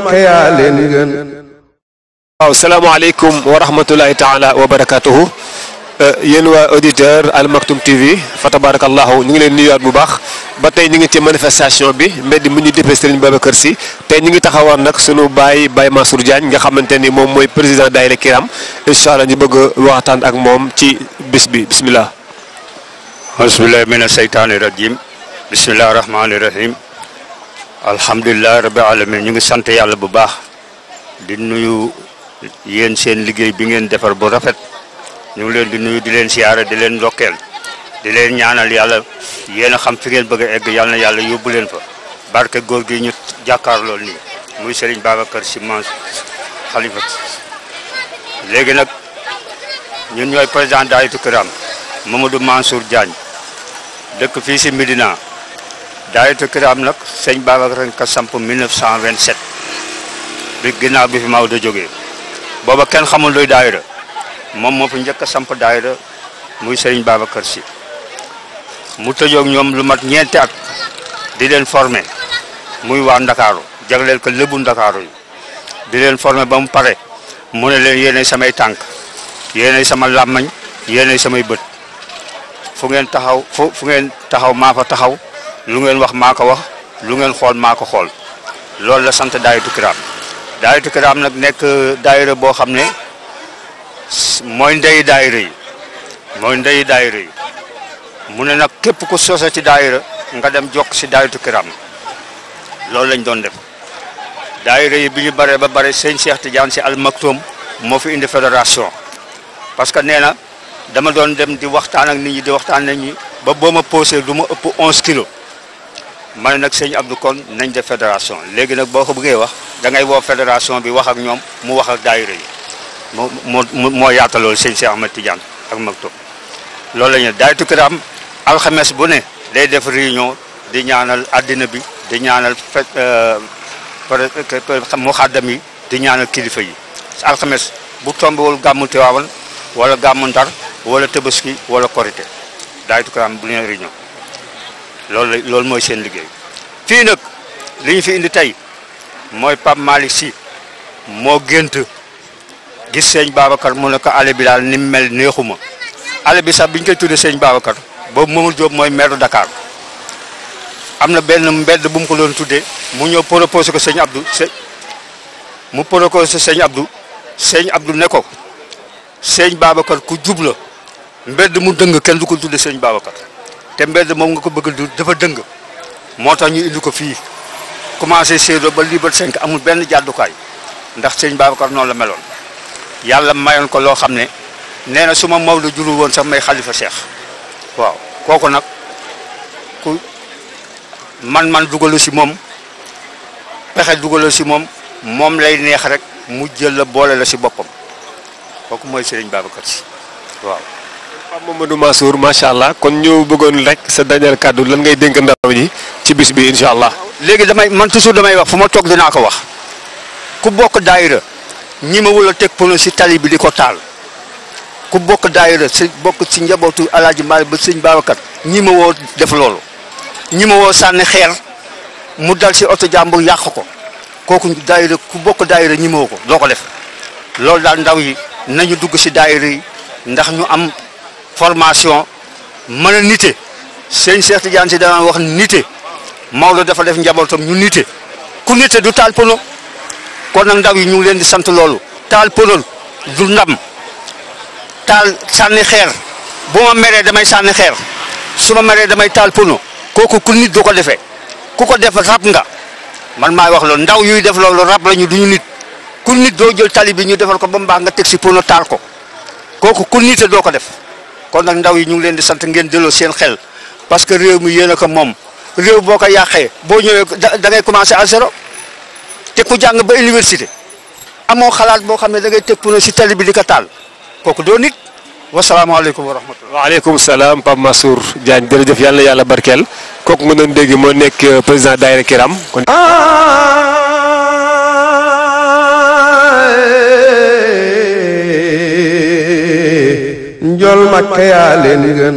Makka yaa leen gën waaw salaamaaleykum wa rahmatullahi taala wa barakatuhu yéen waa auditeur Al Maktoum TV fa tabarakallahu ñu ngi leen ba tey ñu ngi ci manifestation bi mbedd mu ñu defee Serigne Babacar Sy tey ñu ngi taxawaan nag sunu baay Baye Mansour Diagne nga xamante ni moom président daayira Kiram incha allah ñu bëgg a waxtaan ak moom ci bis bi bisimilah. bisimilah mina seytaani rajim bismillah rahmaani rahim. alhamdulilah rabbi alamin ñu ngi sant yàlla bu baax di nuyu yéen seen liggéey bi ngeen defar bu rafet ñu ngi leen di nuyu di leen siyaare di leen ndokkeel di leen ñaanal yàlla yéen a xam fi ngeen bëgg a egg yàlla na yàlla yóbbu leen fa barke góor gi ñu jàkkaarlool nii muy Serigne Babacar Sy Mansour xalifa léegi nag ñun ñooy président daaytu kiram Mamadou Mansour Diagne dëkk fii si Médina daayatu kiraam nag sëñ Babacar ka samp 1927 bi ginnaaw bi fi Maodo jógee booba kenn xamul luy daayira moom moo fi njëkk a samp daayira muy seeñ sëriñ kër si mu tëjoog ñoom lu mat ñeenti at di leen formé muy waa Ndakaaru jagleel ko lébu Ndakaaru yi di leen formé ba mu pare mu ne leen yéenay samay tànk yéenay sama làmmañ yéenay samay bët fu ngeen taxaw fu fu ngeen taxaw maa fa taxaw lu ngeen wax mako wax lu ngeen xool maa ko xool loolu la sant daayatu kiraam daayatu kiram nak nek daayira bo xamne moy ndey daayira yi mooy ndey daayira yi sosa ci daayira nga dem jokk si daayatu kiram loolu lañ doon def daayira yi biñu bare ba bare seigne Cheikh Tidiane ci Al Maktoum mo fi indi federation parce que nee dama doon dem di waxtaan ak nit ñi di waxtaan nañ ñi ba boma posé 11 kilos ma ne nag sëñ Abdou kon nañ def fédération léegi nag boo ko bëggee wax dangay ngay woo fédération bi wax ak ñoom mu wax ak daayira yi moo moo moo yaataloolu sëñ Cheikh Ahmed Tidiane ak Maktoum loolu la ñu daaytu kiraam alxames bu ne day def réunion di ñaanal àddina bi di ñaanal euh, mu xàddam yi di ñaanal kilifa yi alxames bu tombewul gàmmu Tiwaawan wala gàmmu Ndar wala Tabaski wala Korité daaytu kiraam bu ne réunion loolu la loolu mooy seen liggéey fii nag li fi indi tey mooy Pape Malick si moo gént gis sëñ Babacar mu ne ale bi daal ni mu mel neexuma ale bi sax biñ ñu koy tuddee sëñ Babacar boobu Mamadou Diop mooy maire dakaar am na benn mbedd bum mu ko doon tuddee mu ñëw proposé ko sëñ Abdou sëñ mu proposé sëñ Abdou sëñ Abdou ne ko sëñ Babacar ku jubla la mbedd mu dëng kenn du ko tuddee sëñ Babacar. te mbedd moom nga ko bëgg du dafa dëng moo tax ñu indi ko fii commencé Sédhiou ba Liberté 5 amul benn jàddukaay ndax sëñ Babacar noonu la meloon yàlla mayoon ko loo xam ne nee na su ma Maodo jurul woon sax may xalifa Cheikh waaw kooku nag ku man man dugalu si moom pexe dugalu si moom moom lay neex rek mu jël la boole la si boppam kooku mooy sëriñ Babacar si waaw Pam Mamadou Mansour macha allah kon ñu bëggoon rek sa dañal kàddu lan ngay dénk ndaw ji ci bis bi incha allah. léegi damay man toujours damay wax fuma tok dina ko wax ku bokk daayira ñi ma pono ci tali bi kotal. ko taal ku bokk daayira ci bokk ci njabootu alaaji Maalik ba sëñ Babacar ñi ma def lool ñi ma xeer mu dal si auto jàmbur yàq ko koku daayira ku bokk daayira ñi ma ko doko def lool dal ndaw yi nañu dugg si daayira yi ndax ñu am formation mën a seen sëñ Cheikh Tidiane si danaan wax nite Maodo dafa def njabootam ñu nite ku nite du taal pono kon nag ndaw yi ñu ngi leen di sant loolu taal pono du taal sànni xeer bu meree damay sànni xeer su ma meree damay taal pono kooku ku nit du ko defee ku ko def rab nga man maay wax loolu ndaw yuy def loolu rab lañu ñu nit ku nit doo jël tali bi ñu defal ko ba mu baax nga teg si pono taal ko kooku ku nite doo ko def. kon nag ndaw yi ñu ngi leen di sant ngeen delloo seen xel parce que réew mi yéen ko moom réew boo ko yàqee boo ñëwee da ngay commencé à zéro te ku jàng ba université amoo xalaat boo xam ne da ngay teg pono si tali bi di ko taal kooku doo nit wasalaamaaleykum wa rahmatulah. waaleykum salaam Pape Massour Diagne jërëjëf yàlla yàlla barkeel kooku nga doon dégg moo nekk euh, président daayira Kiram. Ah, makka yaa leen gën